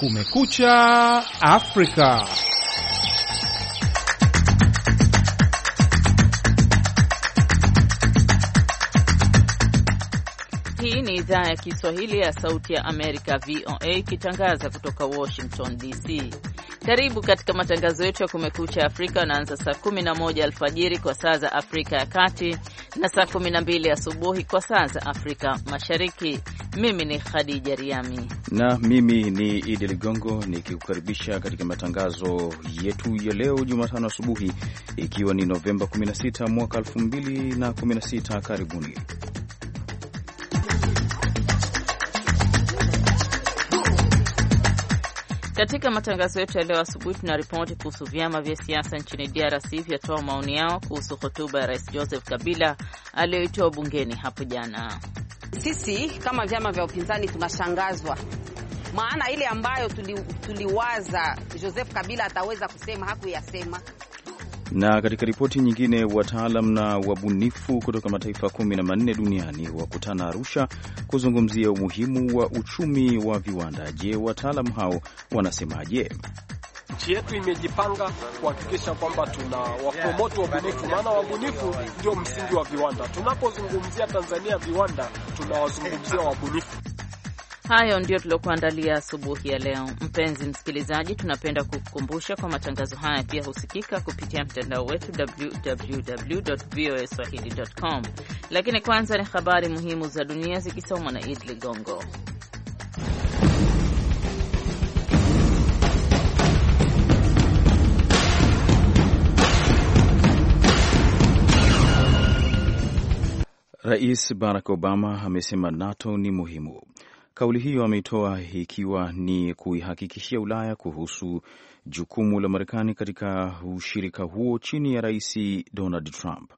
Kumekucha Afrika. Hii ni idhaa ya Kiswahili ya Sauti ya Amerika, VOA, ikitangaza kutoka Washington DC. Karibu katika matangazo yetu ya Kumekucha Afrika, wanaanza saa 11 alfajiri kwa saa za Afrika ya Kati na saa 12 asubuhi kwa saa za Afrika Mashariki. Mimi ni Khadija Riami na mimi ni Idi Ligongo nikikukaribisha katika matangazo yetu ya leo Jumatano asubuhi, ikiwa ni Novemba 16 mwaka 2016. Karibuni. Katika matangazo yetu ya leo asubuhi tuna ripoti kuhusu vyama vya siasa nchini DRC vyatoa maoni yao kuhusu hotuba ya Rais Joseph Kabila aliyoitoa bungeni hapo jana. Sisi kama vyama vya upinzani tunashangazwa, maana ile ambayo tuliwaza tuli Joseph Kabila ataweza kusema hakuyasema. Na katika ripoti nyingine, wataalam na wabunifu kutoka mataifa kumi na manne duniani wakutana Arusha kuzungumzia umuhimu wa uchumi wa viwanda. Je, wataalam hao wanasemaje? nchi yetu imejipanga kuhakikisha kwamba tuna wapromote wabunifu, maana wabunifu ndio msingi wa viwanda. Tunapozungumzia Tanzania viwanda, tunawazungumzia wabunifu. Hayo ndio tuliokuandalia asubuhi ya leo. Mpenzi msikilizaji, tunapenda kukukumbusha kwa matangazo haya pia husikika kupitia mtandao wetu www voa swahili com. Lakini kwanza ni habari muhimu za dunia zikisomwa na Id Ligongo. Rais Barack Obama amesema NATO ni muhimu. Kauli hiyo ameitoa ikiwa ni kuihakikishia Ulaya kuhusu jukumu la Marekani katika ushirika huo chini ya Rais Donald Trump.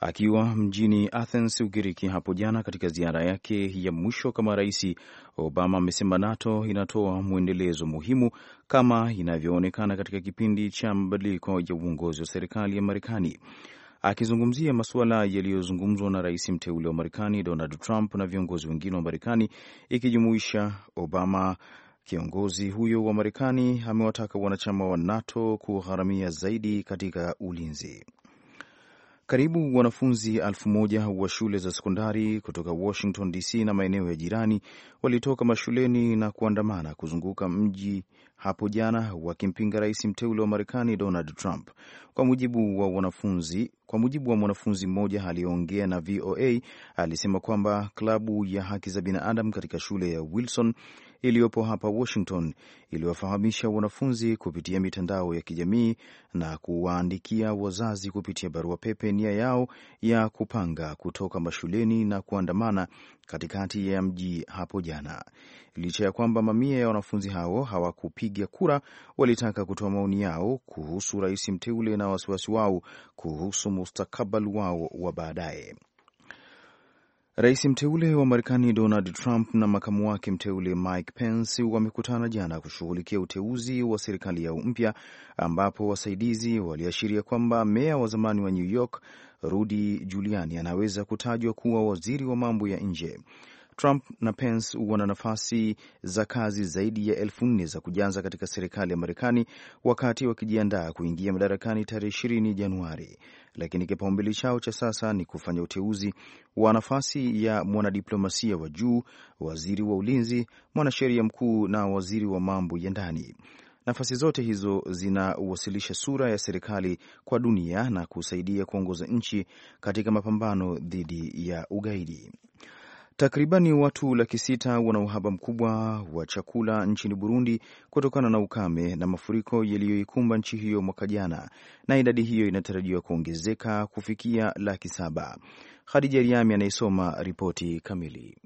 Akiwa mjini Athens, Ugiriki hapo jana katika ziara yake ya mwisho kama rais, Obama amesema NATO inatoa mwendelezo muhimu kama inavyoonekana katika kipindi cha mabadiliko ya uongozi wa serikali ya Marekani akizungumzia masuala yaliyozungumzwa na rais mteule wa Marekani Donald Trump na viongozi wengine wa Marekani ikijumuisha Obama. Kiongozi huyo wa Marekani amewataka wanachama wa NATO kugharamia zaidi katika ulinzi. Karibu wanafunzi elfu moja wa shule za sekondari kutoka Washington DC na maeneo ya jirani walitoka mashuleni na kuandamana kuzunguka mji hapo jana wakimpinga rais mteule wa Marekani Donald Trump. Kwa mujibu wa wanafunzi, kwa mujibu wa mwanafunzi mmoja aliyeongea na VOA alisema kwamba klabu ya haki za binadamu katika shule ya Wilson iliyopo hapa Washington iliwafahamisha wanafunzi kupitia mitandao ya kijamii na kuwaandikia wazazi kupitia barua pepe nia yao ya kupanga kutoka mashuleni na kuandamana katikati ya mji hapo jana. Licha ya kwamba mamia ya wanafunzi hao hawakupiga kura, walitaka kutoa maoni yao kuhusu rais mteule na wasiwasi wao kuhusu mustakabali wao wa baadaye. Rais mteule wa Marekani Donald Trump na makamu wake mteule Mike Pence wamekutana jana kushughulikia uteuzi wa serikali yao mpya, ambapo wasaidizi waliashiria kwamba meya wa zamani wa New York Rudy Giuliani anaweza kutajwa kuwa waziri wa mambo ya nje. Trump na Pence wana nafasi za kazi zaidi ya elfu nne za kujaza katika serikali ya Marekani wakati wakijiandaa kuingia madarakani tarehe ishirini Januari, lakini kipaumbele chao cha sasa ni kufanya uteuzi wa nafasi ya mwanadiplomasia wa juu, waziri wa ulinzi, mwanasheria mkuu na waziri wa mambo ya ndani. Nafasi zote hizo zinawasilisha sura ya serikali kwa dunia na kusaidia kuongoza nchi katika mapambano dhidi ya ugaidi. Takribani watu laki sita wana uhaba mkubwa wa chakula nchini Burundi kutokana na ukame na mafuriko yaliyoikumba nchi hiyo mwaka jana, na idadi hiyo inatarajiwa kuongezeka kufikia laki saba. Khadija Riami anayesoma ripoti kamili.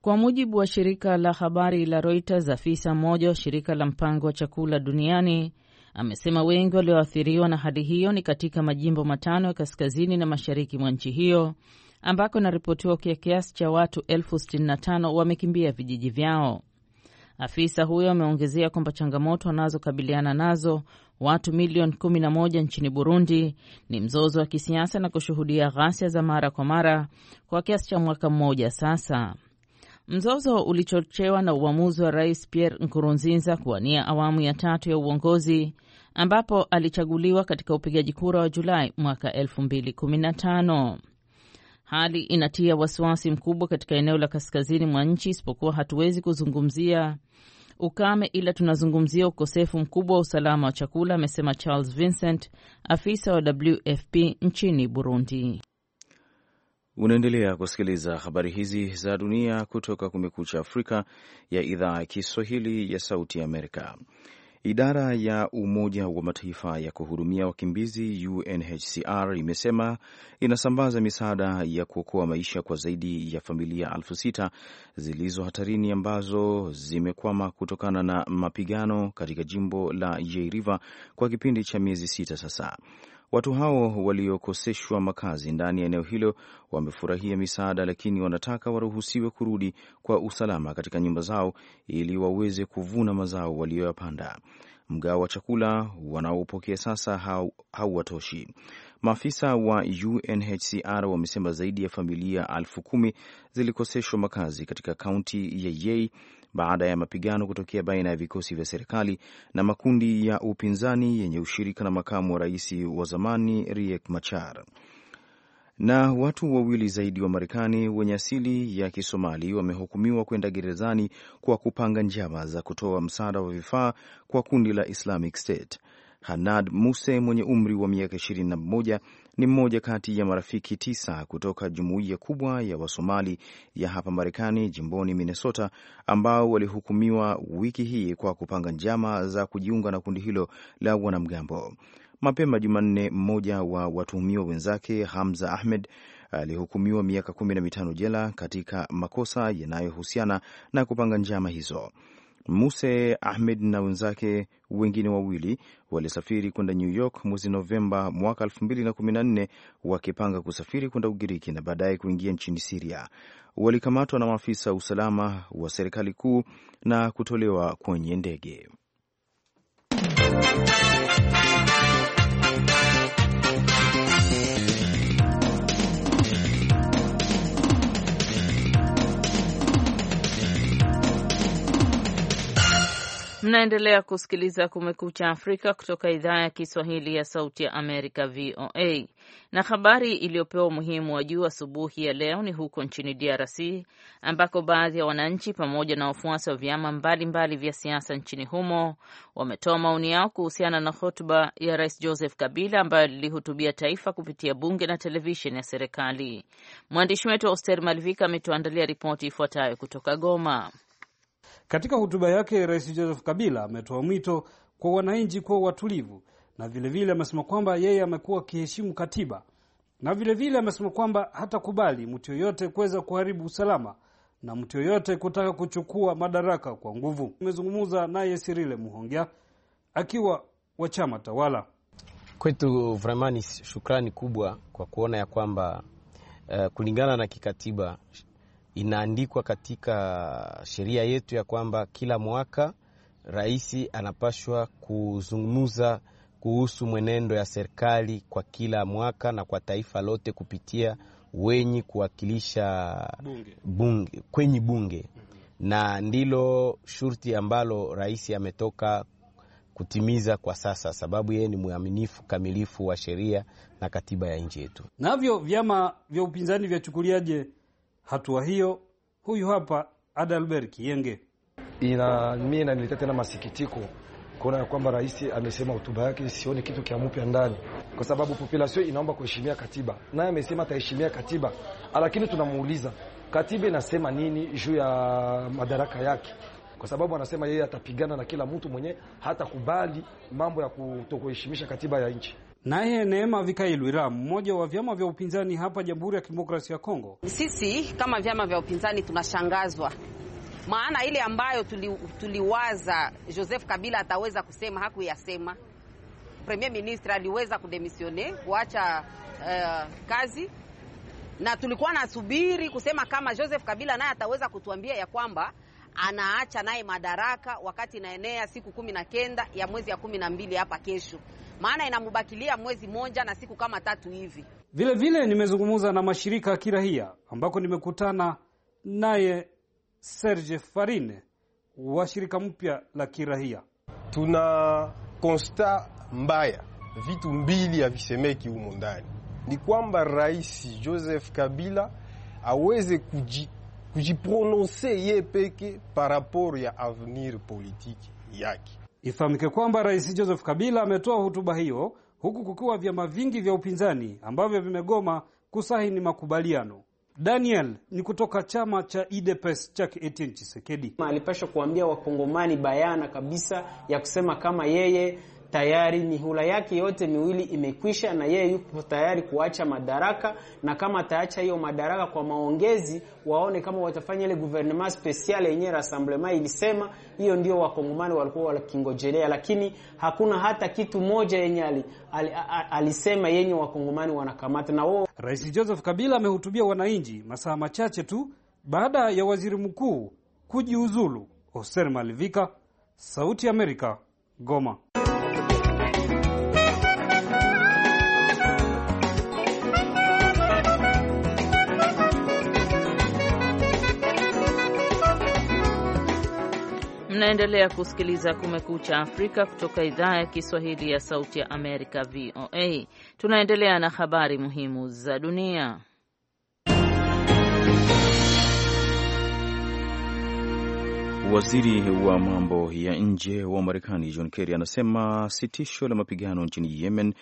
Kwa mujibu wa shirika la habari la Reuters, afisa mmoja wa shirika la mpango wa chakula duniani amesema wengi walioathiriwa na hali hiyo ni katika majimbo matano ya kaskazini na mashariki mwa nchi hiyo ambako inaripotiwa kia kiasi cha watu 65 wamekimbia vijiji vyao. Afisa huyo ameongezea kwamba changamoto wanazokabiliana nazo watu milioni 11 nchini Burundi ni mzozo wa kisiasa na kushuhudia ghasia za mara kwa mara kwa kiasi cha mwaka mmoja sasa. Mzozo ulichochewa na uamuzi wa Rais Pierre Nkurunziza kuwania awamu ya tatu ya uongozi ambapo alichaguliwa katika upigaji kura wa Julai mwaka 2015. Hali inatia wasiwasi mkubwa katika eneo la kaskazini mwa nchi, isipokuwa hatuwezi kuzungumzia ukame, ila tunazungumzia ukosefu mkubwa wa usalama wa chakula, amesema Charles Vincent, afisa wa WFP nchini Burundi. Unaendelea kusikiliza habari hizi za dunia kutoka Kumekucha Afrika ya idhaa ya Kiswahili ya Sauti ya Amerika. Idara ya Umoja wa Mataifa ya kuhudumia wakimbizi UNHCR imesema inasambaza misaada ya kuokoa maisha kwa zaidi ya familia elfu sita zilizo hatarini ambazo zimekwama kutokana na mapigano katika jimbo la Yei River kwa kipindi cha miezi sita sasa. Watu hao waliokoseshwa makazi ndani ya eneo hilo wamefurahia misaada, lakini wanataka waruhusiwe kurudi kwa usalama katika nyumba zao ili waweze kuvuna mazao waliyoyapanda. Mgao wa chakula wanaopokea sasa hauwatoshi. Maafisa wa UNHCR wamesema zaidi ya familia elfu kumi zilikoseshwa makazi katika kaunti ya Yei baada ya mapigano kutokea baina ya vikosi vya serikali na makundi ya upinzani yenye ushirika na makamu wa rais wa zamani Riek Machar. Na watu wawili zaidi wa Marekani wenye asili ya Kisomali wamehukumiwa kwenda gerezani kwa kupanga njama za kutoa msaada wa vifaa kwa kundi la Islamic State. Hanad Muse mwenye umri wa miaka 21 ni mmoja kati ya marafiki tisa kutoka jumuiya kubwa ya Wasomali ya hapa Marekani jimboni Minnesota ambao walihukumiwa wiki hii kwa kupanga njama za kujiunga na kundi hilo la wanamgambo. Mapema Jumanne, mmoja wa watuhumiwa wenzake Hamza Ahmed alihukumiwa miaka kumi na mitano jela katika makosa yanayohusiana na kupanga njama hizo. Muse Ahmed na wenzake wengine wawili walisafiri kwenda New York mwezi Novemba mwaka 2014 wakipanga kusafiri kwenda Ugiriki na baadaye kuingia nchini Siria. Walikamatwa na maafisa usalama wa serikali kuu na kutolewa kwenye ndege Mnaendelea kusikiliza Kumekucha Afrika kutoka idhaa ya Kiswahili ya Sauti ya Amerika, VOA. Na habari iliyopewa umuhimu wa juu asubuhi ya leo ni huko nchini DRC ambako baadhi ya wananchi pamoja na wafuasi wa vyama mbalimbali mbali vya siasa nchini humo wametoa maoni yao kuhusiana na hotuba ya Rais Joseph Kabila ambayo lilihutubia taifa kupitia bunge na televisheni ya serikali. Mwandishi wetu Oster Malivika ametuandalia ripoti ifuatayo kutoka Goma. Katika hotuba yake, Rais Joseph Kabila ametoa mwito kwa wananchi kuwa watulivu, na vilevile amesema kwamba yeye amekuwa akiheshimu katiba, na vilevile amesema kwamba kwamba hatakubali mtu yoyote kuweza kuharibu usalama na mtu yoyote kutaka kuchukua madaraka kwa nguvu. Nimezungumza naye Sirile Muhongya akiwa wa chama tawala. Kwetu vraiment ni shukrani kubwa kwa kuona ya kwamba uh, kulingana na kikatiba inaandikwa katika sheria yetu ya kwamba kila mwaka rais anapashwa kuzungumza kuhusu mwenendo ya serikali kwa kila mwaka na kwa taifa lote kupitia wenye kuwakilisha bunge. Bunge, kwenye bunge mhm. Na ndilo shurti ambalo rais ametoka kutimiza kwa sasa, sababu yeye ni mwaminifu kamilifu wa sheria na katiba ya nchi yetu. Navyo vyama vya upinzani vyachukuliaje hatua hiyo. Huyu hapa Adalbert Kiyenge. Ina mimi inaniletea tena masikitiko kuona ya kwamba rais amesema hotuba yake, sioni kitu kya mpya ndani, kwa sababu population inaomba kuheshimia katiba, naye amesema ataheshimia katiba, lakini tunamuuliza katiba inasema nini juu ya madaraka yake, kwa sababu anasema yeye atapigana na kila mtu mwenye kubali mambo ya kutokuheshimisha katiba ya nchi. Naye Neema Vikailwira, mmoja wa vyama vya upinzani hapa Jamhuri ya Kidemokrasia ya Kongo: sisi kama vyama vya upinzani tunashangazwa, maana ile ambayo tuliwaza Joseph Kabila ataweza kusema hakuyasema. Premier Ministre aliweza kudemisione kuacha uh, kazi na tulikuwa nasubiri kusema kama Joseph Kabila naye ataweza kutuambia ya kwamba anaacha naye madaraka wakati inaenea siku kumi na kenda ya mwezi ya kumi na mbili hapa kesho, maana inamubakilia mwezi moja na siku kama tatu hivi. Vile vile nimezungumza na mashirika ya kirahia ambako nimekutana naye Serge Farine wa shirika mpya la kirahia. Tuna konsta mbaya, vitu mbili havisemeki humo ndani, ni kwamba Rais Joseph Kabila aweze kuji kujipronounse ye peke par rapport ya avenir politiki yake. Ifahamike kwamba Rais Joseph Kabila ametoa hotuba hiyo huku kukiwa vyama vingi vya upinzani ambavyo vimegoma kusahini makubaliano. Daniel ni kutoka chama cha UDPS chake Etienne Tshisekedi alipasha kuambia wakongomani bayana kabisa ya kusema kama yeye tayari mihula yake yote miwili imekwisha, na yeye yuko tayari kuacha madaraka, na kama ataacha hiyo madaraka kwa maongezi, waone kama watafanya ile gouvernement special yenye rassemblement ilisema. Hiyo ndio wakongomani walikuwa wakingojelea, lakini hakuna hata kitu moja yenye ali, ali, alisema yenye wakongomani wanakamata na wao. Rais Joseph Kabila amehutubia wananchi masaa machache tu baada ya waziri mkuu kujiuzulu. Hoser Malivika, Sauti ya Amerika, Goma. Mnaendelea kusikiliza Kumekucha Afrika kutoka idhaa ya Kiswahili ya Sauti ya Amerika, VOA. Tunaendelea na habari muhimu za dunia. Waziri wa mambo ya nje wa Marekani John Kerry anasema sitisho la mapigano nchini Yemen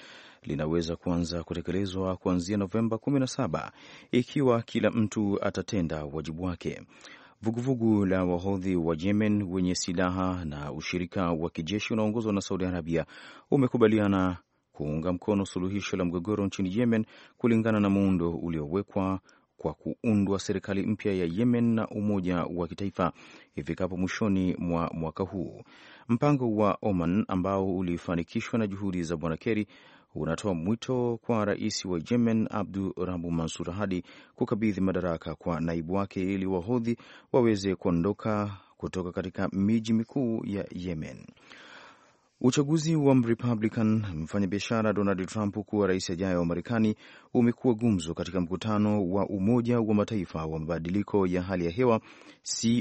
linaweza kuanza kutekelezwa kuanzia Novemba 17 ikiwa kila mtu atatenda wajibu wake. Vuguvugu la wahodhi wa Yemen wenye silaha na ushirika wa kijeshi unaoongozwa na Saudi Arabia umekubaliana kuunga mkono suluhisho la mgogoro nchini Yemen kulingana na muundo uliowekwa kwa kuundwa serikali mpya ya Yemen na umoja wa kitaifa ifikapo mwishoni mwa mwaka huu. Mpango wa Oman ambao ulifanikishwa na juhudi za Bwana Keri unatoa mwito kwa rais wa Yemen Abdu Rabu Mansur Hadi kukabidhi madaraka kwa naibu wake ili wahodhi waweze kuondoka kutoka katika miji mikuu ya Yemen. Uchaguzi wa Mrepublican mfanyabiashara Donald Trump kuwa rais ajayo wa Marekani umekuwa gumzo katika mkutano wa Umoja wa Mataifa wa mabadiliko ya hali ya hewa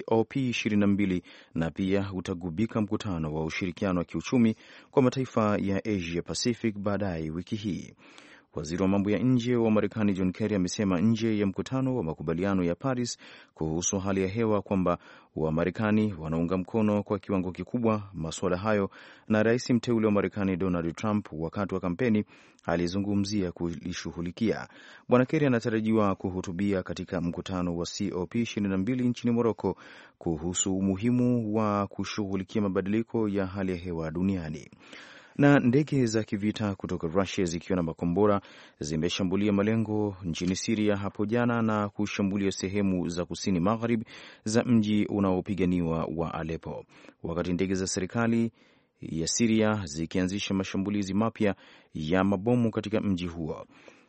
COP 22 na pia utagubika mkutano wa ushirikiano wa kiuchumi kwa mataifa ya Asia Pacific baadaye wiki hii. Waziri wa mambo ya nje wa Marekani John Kerry amesema nje ya mkutano wa makubaliano ya Paris kuhusu hali ya hewa kwamba Wamarekani wanaunga mkono kwa kiwango kikubwa masuala hayo, na rais mteule wa Marekani Donald Trump wakati wa kampeni alizungumzia kulishughulikia. Bwana Kerry anatarajiwa kuhutubia katika mkutano wa COP 22 nchini Moroko kuhusu umuhimu wa kushughulikia mabadiliko ya hali ya hewa duniani. Na ndege za kivita kutoka Rusia zikiwa na makombora zimeshambulia malengo nchini Siria hapo jana na kushambulia sehemu za kusini magharibi za mji unaopiganiwa wa Alepo, wakati ndege za serikali ya Siria zikianzisha mashambulizi mapya ya mabomu katika mji huo.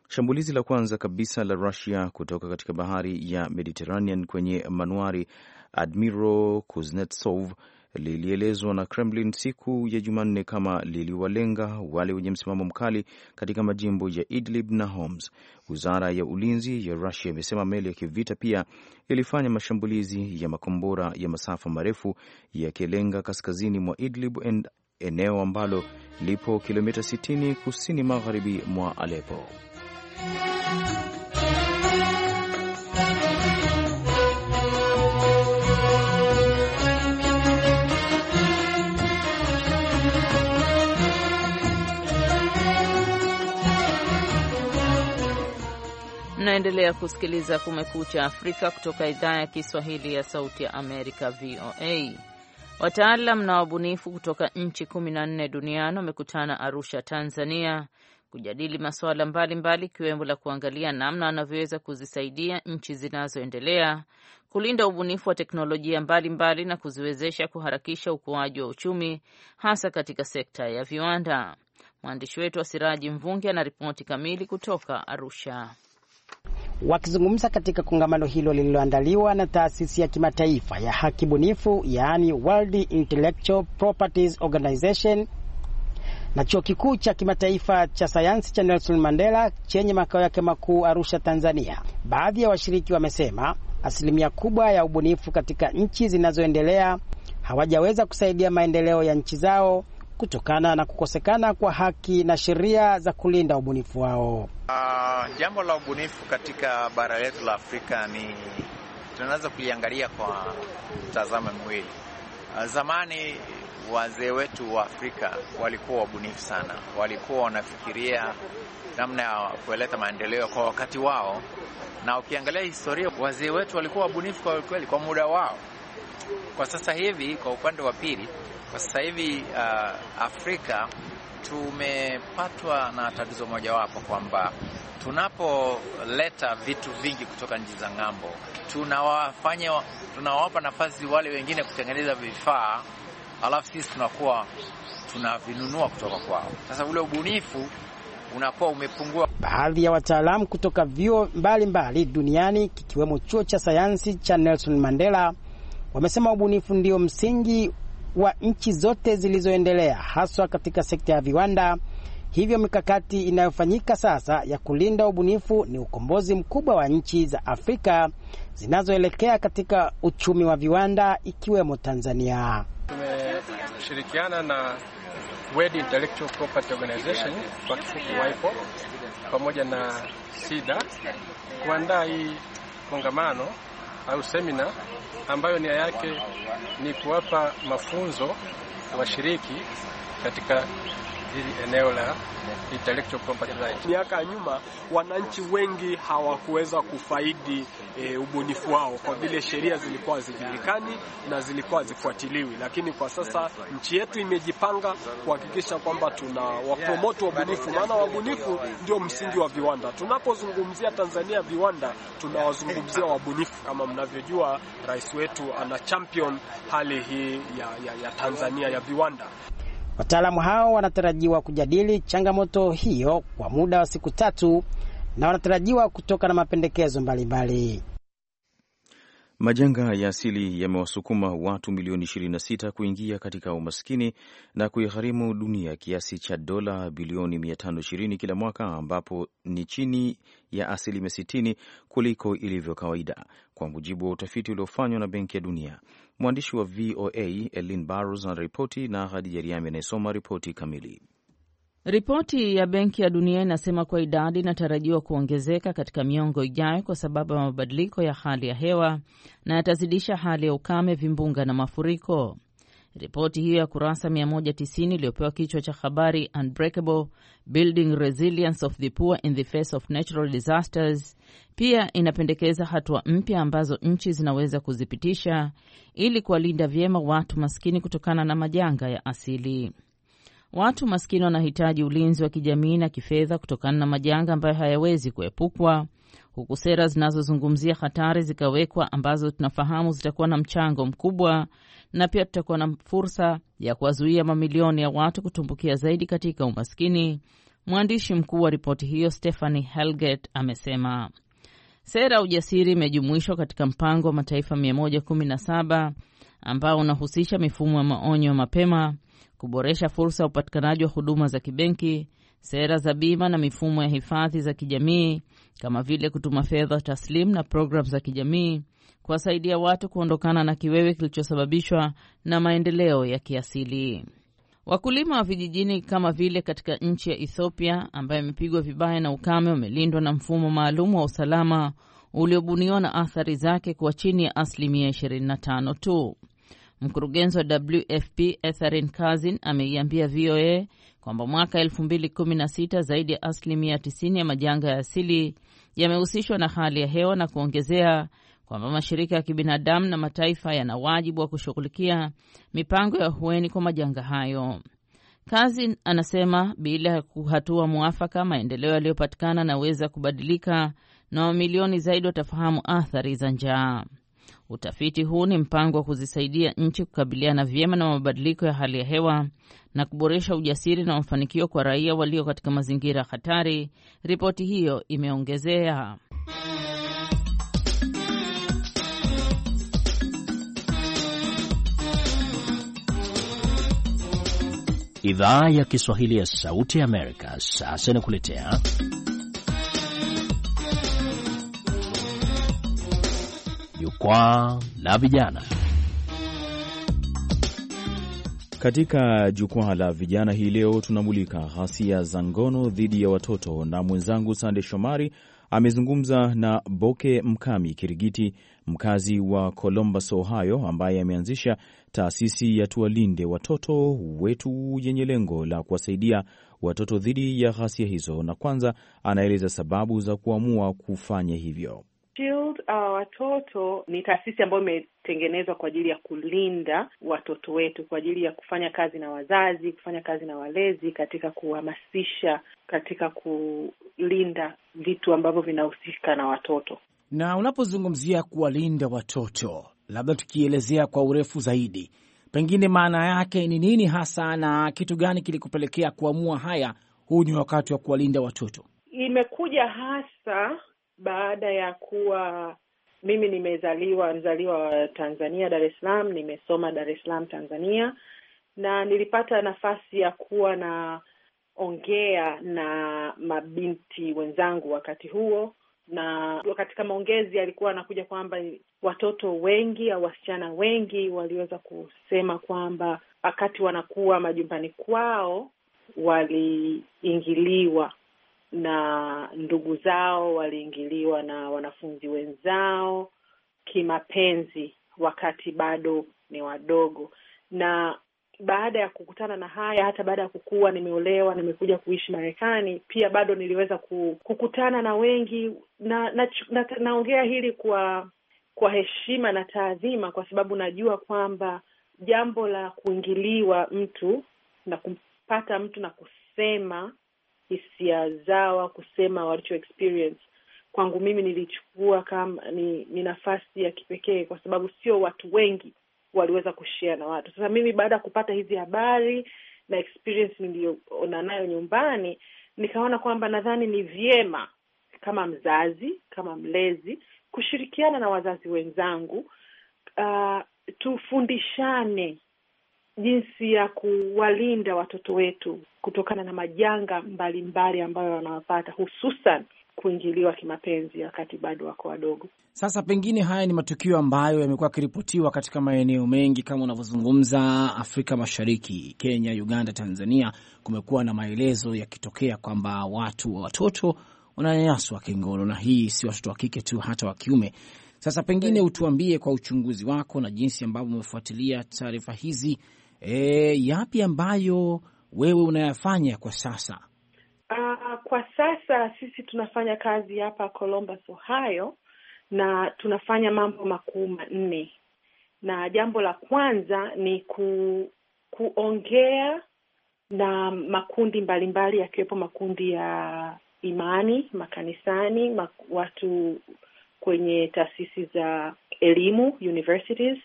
Shambulizi la kwanza kabisa la Rusia kutoka katika bahari ya Mediterranean kwenye manuari Admiral Kuznetsov lilielezwa na Kremlin siku ya Jumanne kama liliwalenga wale wenye msimamo mkali katika majimbo ya Idlib na Homs. Wizara ya ulinzi ya Rusia imesema meli ya kivita pia ilifanya mashambulizi ya makombora ya masafa marefu yakilenga kaskazini mwa Idlib, eneo ambalo lipo kilomita 60 kusini magharibi mwa Alepo. Unaendelea kusikiliza Kumekucha Afrika kutoka idhaa ya Kiswahili ya Sauti ya Amerika, VOA. Wataalam na wabunifu kutoka nchi kumi na nne duniani wamekutana Arusha, Tanzania, kujadili masuala mbalimbali ikiwemo la kuangalia namna wanavyoweza kuzisaidia nchi zinazoendelea kulinda ubunifu wa teknolojia mbalimbali mbali na kuziwezesha kuharakisha ukuaji wa uchumi hasa katika sekta ya viwanda. Mwandishi wetu wa Siraji Mvungi ana ripoti kamili kutoka Arusha. Wakizungumza katika kongamano hilo lililoandaliwa na taasisi ya kimataifa ya haki bunifu, yaani World Intellectual Properties Organization na chuo kikuu cha kimataifa cha sayansi cha Nelson Mandela chenye makao yake makuu Arusha, Tanzania, baadhi ya washiriki wamesema asilimia kubwa ya ubunifu katika nchi zinazoendelea hawajaweza kusaidia maendeleo ya nchi zao kutokana na kukosekana kwa haki na sheria za kulinda ubunifu wao. Uh, jambo la ubunifu katika bara letu la Afrika ni tunaweza kuliangalia kwa mtazamo miwili. Uh, ah, zamani wazee wetu wa Afrika walikuwa wabunifu sana, walikuwa wanafikiria namna ya kueleta maendeleo kwa wakati wao, na ukiangalia historia, wazee wetu walikuwa wabunifu kwa kweli kwa muda wao. Kwa sasa hivi, kwa upande wa pili, kwa sasa hivi uh, Afrika tumepatwa na tatizo mojawapo kwamba tunapoleta vitu vingi kutoka nchi za ng'ambo, tunawafanya tunawapa nafasi wale wengine kutengeneza vifaa, alafu sisi tunakuwa tunavinunua kutoka kwao. Sasa ule ubunifu unakuwa umepungua. Baadhi ya wataalamu kutoka vyuo mbalimbali duniani kikiwemo chuo cha sayansi cha Nelson Mandela wamesema ubunifu ndio msingi wa nchi zote zilizoendelea haswa katika sekta ya viwanda. Hivyo mikakati inayofanyika sasa ya kulinda ubunifu ni ukombozi mkubwa wa nchi za Afrika zinazoelekea katika uchumi wa viwanda ikiwemo Tanzania. Tumeshirikiana na World Intellectual Property Organization kwa kifupi WIPO pamoja na SIDA kuandaa hii kongamano au semina ambayo nia yake ni kuwapa mafunzo washiriki katika hili eneo la intellectual property right. Miaka ya nyuma wananchi wengi hawakuweza kufaidi e, ubunifu wao kwa vile sheria zilikuwa hazijulikani na zilikuwa hazifuatiliwi, lakini kwa sasa nchi yetu imejipanga kuhakikisha kwamba tuna wapromote wabunifu, maana wabunifu ndio msingi wa viwanda. Tunapozungumzia Tanzania viwanda, tunawazungumzia wabunifu. Kama mnavyojua, rais wetu ana champion hali hii ya, ya, ya Tanzania ya viwanda. Wataalamu hao wanatarajiwa kujadili changamoto hiyo kwa muda wa siku tatu na wanatarajiwa kutoka na mapendekezo mbalimbali. Majanga ya asili yamewasukuma watu milioni 26 kuingia katika umaskini na kuigharimu dunia kiasi cha dola bilioni 520 kila mwaka, ambapo ni chini ya asilimia 60 kuliko ilivyo kawaida, kwa mujibu wa utafiti uliofanywa na Benki ya Dunia. Mwandishi wa VOA Elin Barros anaripoti na Hadija Riami anayesoma ripoti kamili. Ripoti ya Benki ya Dunia inasema kuwa idadi inatarajiwa kuongezeka katika miongo ijayo kwa sababu ya mabadiliko ya hali ya hewa na yatazidisha hali ya ukame, vimbunga na mafuriko. Ripoti hiyo ya kurasa 190 iliyopewa kichwa cha habari Unbreakable Building Resilience of the Poor in the Face of Natural Disasters pia inapendekeza hatua mpya ambazo nchi zinaweza kuzipitisha ili kuwalinda vyema watu maskini kutokana na majanga ya asili. Watu maskini wanahitaji ulinzi wa kijamii na kifedha kutokana na majanga ambayo hayawezi kuepukwa, huku sera zinazozungumzia hatari zikawekwa ambazo tunafahamu zitakuwa na mchango mkubwa na pia tutakuwa na fursa ya kuwazuia mamilioni ya watu kutumbukia zaidi katika umaskini. Mwandishi mkuu wa ripoti hiyo Stephanie Helget amesema sera ya ujasiri imejumuishwa katika mpango wa mataifa 117 ambao unahusisha mifumo ya maonyo ya mapema, kuboresha fursa ya upatikanaji wa huduma za kibenki, sera za bima na mifumo ya hifadhi za kijamii kama vile kutuma fedha taslim na programu za kijamii kuwasaidia watu kuondokana na kiwewe kilichosababishwa na maendeleo ya kiasili. Wakulima wa vijijini kama vile katika nchi ya Ethiopia ambayo imepigwa vibaya na ukame, wamelindwa na mfumo maalum wa usalama uliobuniwa na athari zake kuwa chini ya asilimia 25 tu. Mkurugenzi wa WFP Etherin Kazin ameiambia VOA kwamba mwaka 2016 zaidi ya asilimia 90 ya majanga ya asili yamehusishwa na hali ya hewa na kuongezea kwamba mashirika ya kibinadamu na mataifa yana wajibu wa kushughulikia mipango ya hueni kwa majanga hayo. Kazin anasema bila ya kuhatua mwafaka, maendeleo yaliyopatikana naweza kubadilika na mamilioni zaidi watafahamu athari za njaa. Utafiti huu ni mpango wa kuzisaidia nchi kukabiliana vyema na mabadiliko ya hali ya hewa na kuboresha ujasiri na mafanikio kwa raia walio katika mazingira hatari, ripoti hiyo imeongezea. Idhaa ya Kiswahili ya Sauti ya Amerika sasa inakuletea Jukwaa la Vijana. Katika Jukwaa la Vijana hii leo tunamulika ghasia za ngono dhidi ya watoto, na mwenzangu Sande Shomari amezungumza na Boke Mkami Kirigiti, mkazi wa Columbus, Ohio, ambaye ameanzisha taasisi ya Tuwalinde Watoto Wetu yenye lengo la kuwasaidia watoto dhidi ya ghasia hizo, na kwanza anaeleza sababu za kuamua kufanya hivyo. Shield uh, watoto ni taasisi ambayo imetengenezwa kwa ajili ya kulinda watoto wetu, kwa ajili ya kufanya kazi na wazazi, kufanya kazi na walezi katika kuhamasisha, katika kulinda vitu ambavyo vinahusika na watoto. Na unapozungumzia kuwalinda watoto, labda tukielezea kwa urefu zaidi, pengine maana yake ni nini hasa na kitu gani kilikupelekea kuamua haya, huu ni wakati wa kuwalinda watoto? Imekuja hasa baada ya kuwa mimi nimezaliwa mzaliwa wa Tanzania, Dar es Salaam, nimesoma Dar es Salaam Tanzania, na nilipata nafasi ya kuwa na ongea na mabinti wenzangu wakati huo, na katika maongezi alikuwa anakuja kwamba watoto wengi au wasichana wengi waliweza kusema kwamba wakati wanakuwa majumbani kwao waliingiliwa na ndugu zao, waliingiliwa na wanafunzi wenzao kimapenzi wakati bado ni wadogo. Na baada ya kukutana na haya, hata baada ya kukua, nimeolewa, nimekuja kuishi Marekani, pia bado niliweza kukutana na wengi, na naongea na, na hili kwa kwa heshima na taadhima, kwa sababu najua kwamba jambo la kuingiliwa mtu na kumpata mtu na kusema hisia zao, kusema walicho experience. Kwangu mimi nilichukua kama ni, ni nafasi ya kipekee kwa sababu sio watu wengi waliweza kushia na watu. Sasa mimi baada ya kupata hizi habari na experience niliyoona nayo nyumbani, nikaona kwamba nadhani ni vyema kama mzazi, kama mlezi kushirikiana na wazazi wenzangu uh, tufundishane jinsi ya kuwalinda watoto wetu kutokana na majanga mbalimbali mbali ambayo wanawapata hususan kuingiliwa kimapenzi wakati bado wako wadogo. Sasa pengine haya ni matukio ambayo yamekuwa yakiripotiwa katika maeneo mengi kama unavyozungumza, Afrika Mashariki, Kenya, Uganda, Tanzania, kumekuwa na maelezo yakitokea kwamba watu wa watoto wananyanyaswa kingono, na hii si watoto wa kike tu, hata wa kiume. Sasa pengine mm. utuambie kwa uchunguzi wako na jinsi ambavyo umefuatilia taarifa hizi, e, yapi ambayo wewe unayafanya kwa sasa? Uh, kwa sasa sisi tunafanya kazi hapa Columbus, Ohio na tunafanya mambo makuu manne, na jambo la kwanza ni ku, kuongea na makundi mbalimbali yakiwepo makundi ya imani makanisani, mak, watu kwenye taasisi za elimu universities,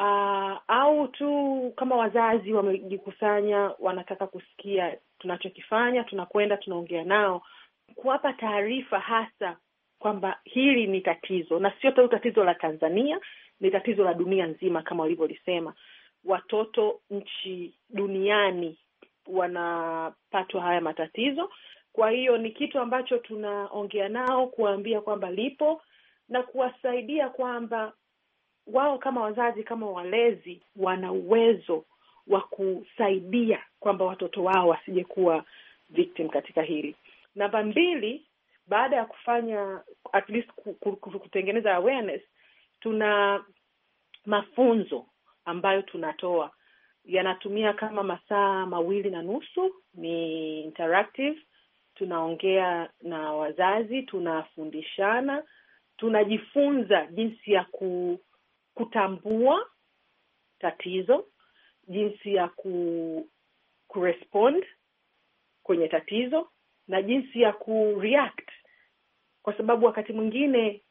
uh, au tu kama wazazi wamejikusanya, wanataka kusikia tunachokifanya, tunakwenda tunaongea nao, kuwapa taarifa hasa kwamba hili ni tatizo na sio tu tatizo la Tanzania, ni tatizo la dunia nzima. Kama walivyolisema, watoto nchi duniani wanapatwa haya matatizo. Kwa hiyo ni kitu ambacho tunaongea nao, kuwaambia kwamba lipo na kuwasaidia kwamba wao kama wazazi, kama walezi, wana uwezo wa kusaidia kwamba watoto wao wasije kuwa victim katika hili. Namba mbili, baada ya kufanya at least kutengeneza awareness, tuna mafunzo ambayo tunatoa yanatumia kama masaa mawili na nusu, ni interactive. Tunaongea na wazazi, tunafundishana, tunajifunza jinsi ya ku kutambua tatizo, jinsi ya ku kurespond kwenye tatizo na jinsi ya kureact, kwa sababu wakati mwingine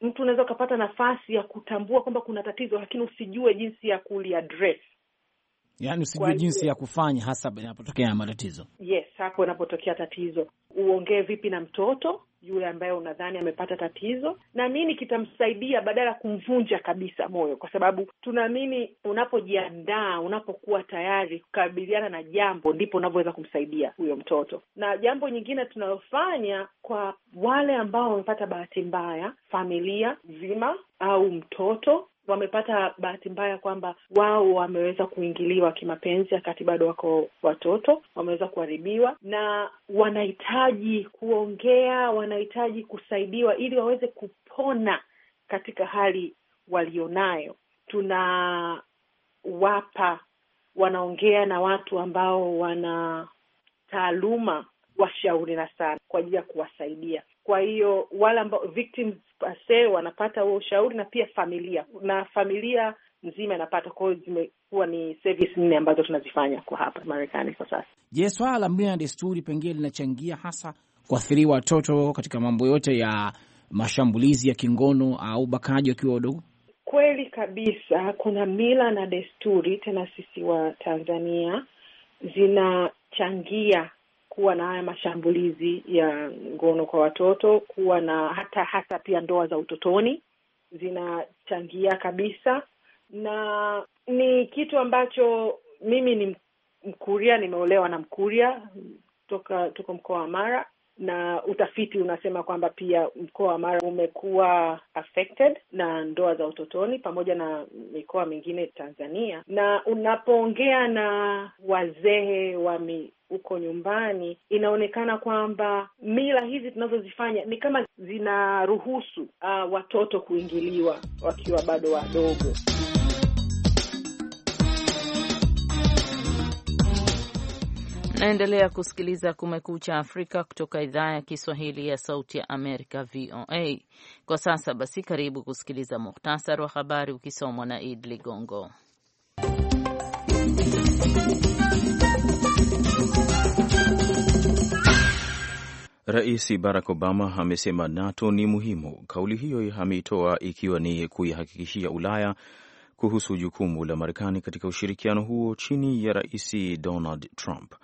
mtu unaweza ukapata nafasi ya kutambua kwamba kuna tatizo, lakini usijue jinsi ya kuliaddress, yaani usijue jinsi ya kufanya hasa inapotokea matatizo. Yes, hapo inapotokea tatizo, uongee vipi na mtoto yule ambaye unadhani amepata tatizo, na mini kitamsaidia badala ya kumvunja kabisa moyo, kwa sababu tunaamini unapojiandaa, unapokuwa tayari kukabiliana na jambo, ndipo unavyoweza kumsaidia huyo mtoto. Na jambo nyingine tunalofanya kwa wale ambao wamepata bahati mbaya, familia nzima au mtoto wamepata bahati mbaya kwamba wao wameweza kuingiliwa kimapenzi wakati bado wako watoto, wameweza kuharibiwa na wanahitaji kuongea, wanahitaji kusaidiwa ili waweze kupona katika hali walionayo. Tunawapa, wanaongea na watu ambao wana taaluma, washauri na sana kwa ajili ya kuwasaidia. Kwa hiyo wale ambao victims wanapata huo ushauri na pia familia na familia nzima inapata. Kwa hiyo zimekuwa ni service nne ambazo tunazifanya kwa hapa Marekani kwa sasa. Je, swala la mila na desturi pengine linachangia hasa kuathiriwa watoto katika mambo yote ya mashambulizi ya kingono au bakaji wakiwa wadogo? Kweli kabisa, kuna mila na desturi tena sisi wa Tanzania zinachangia kuwa na haya mashambulizi ya ngono kwa watoto, kuwa na hata hata pia ndoa za utotoni zinachangia kabisa, na ni kitu ambacho mimi ni Mkuria, nimeolewa na Mkuria, toka tuko mkoa wa Mara na utafiti unasema kwamba pia mkoa wa Mara umekuwa affected na ndoa za utotoni pamoja na mikoa mingine Tanzania. Na unapoongea na wazee wa mi huko nyumbani inaonekana kwamba mila hizi tunazozifanya ni kama zinaruhusu uh, watoto kuingiliwa wakiwa bado wadogo. Naendelea kusikiliza Kumekucha Afrika kutoka idhaa ya Kiswahili ya Sauti ya Amerika, VOA. Kwa sasa basi, karibu kusikiliza muhtasari wa habari ukisomwa na Id Ligongo. Rais Barack Obama amesema NATO ni muhimu. Kauli hiyo ameitoa ikiwa ni kuihakikishia Ulaya kuhusu jukumu la Marekani katika ushirikiano huo chini ya Rais Donald Trump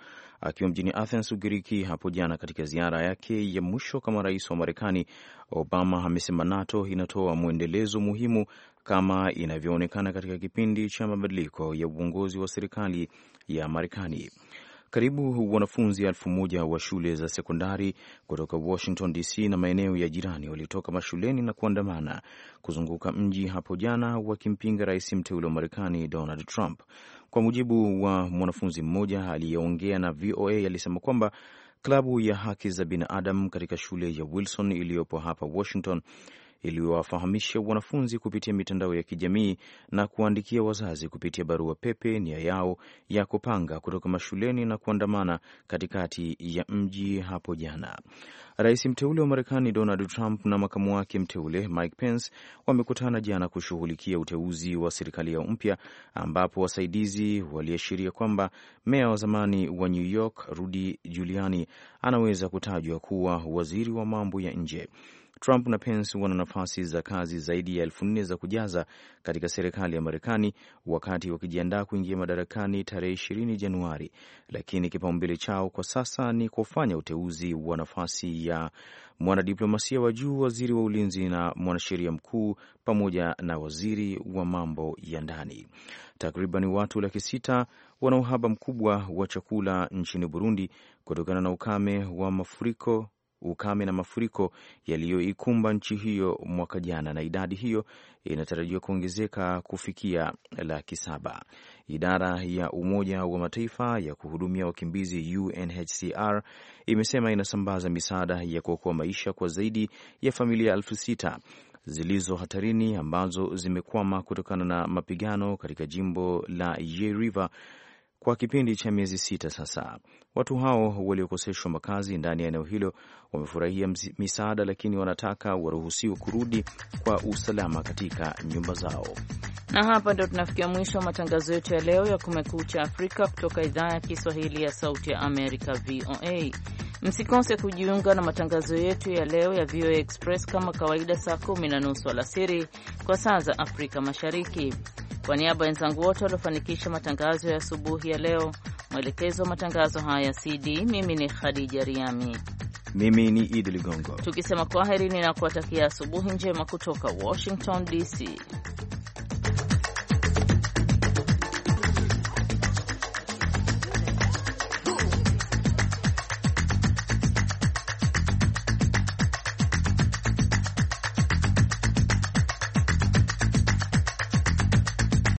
akiwa mjini Athens, Ugiriki, hapo jana katika ziara yake ya mwisho kama rais wa Marekani. Obama amesema NATO inatoa mwendelezo muhimu kama inavyoonekana katika kipindi cha mabadiliko ya uongozi wa serikali ya Marekani. Karibu wanafunzi elfu moja wa shule za sekondari kutoka Washington DC na maeneo ya jirani walitoka mashuleni na kuandamana kuzunguka mji hapo jana wakimpinga rais mteule wa Marekani Donald Trump. Kwa mujibu wa mwanafunzi mmoja aliyeongea na VOA, alisema kwamba klabu ya haki za binadamu katika shule ya Wilson iliyopo hapa Washington iliyowafahamisha wanafunzi kupitia mitandao ya kijamii na kuwaandikia wazazi kupitia barua pepe nia yao ya kupanga kutoka mashuleni na kuandamana katikati ya mji hapo jana. Rais mteule wa Marekani Donald Trump na makamu wake mteule Mike Pence wamekutana jana kushughulikia uteuzi wa serikali yao mpya, ambapo wasaidizi waliashiria kwamba meya wa zamani wa New York Rudy Giuliani anaweza kutajwa kuwa waziri wa mambo ya nje. Trump na Pence wana nafasi za kazi zaidi ya elfu nne za kujaza katika serikali ya Marekani wakati wakijiandaa kuingia madarakani tarehe ishirini Januari, lakini kipaumbele chao kwa sasa ni kufanya uteuzi wa nafasi ya mwanadiplomasia wa juu, waziri wa ulinzi na mwanasheria mkuu, pamoja na waziri wa mambo ya ndani. Takriban watu laki sita wana uhaba mkubwa wa chakula nchini Burundi kutokana na ukame wa mafuriko ukame na mafuriko yaliyoikumba nchi hiyo mwaka jana, na idadi hiyo inatarajiwa kuongezeka kufikia laki saba. Idara ya Umoja wa Mataifa ya kuhudumia wakimbizi UNHCR imesema inasambaza misaada ya kuokoa maisha kwa zaidi ya familia elfu sita zilizo hatarini ambazo zimekwama kutokana na mapigano katika jimbo la Yei River kwa kipindi cha miezi sita sasa. Watu hao waliokoseshwa makazi ndani ya eneo hilo wamefurahia misaada, lakini wanataka waruhusiwe kurudi kwa usalama katika nyumba zao. Na hapa ndio tunafikia mwisho wa matangazo yetu ya leo ya Kumekucha Afrika kutoka idhaa ya Kiswahili ya Sauti ya Amerika, VOA. Msikose kujiunga na matangazo yetu ya leo ya VOA Express kama kawaida, saa kumi na nusu alasiri kwa saa za Afrika Mashariki. Kwa niaba ya wenzangu wote waliofanikisha matangazo ya asubuhi ya leo, mwelekezo wa matangazo haya CD, mimi ni Khadija Riami, mimi ni Idi Ligongo, tukisema kwaheri ninakuwatakia asubuhi njema kutoka Washington DC.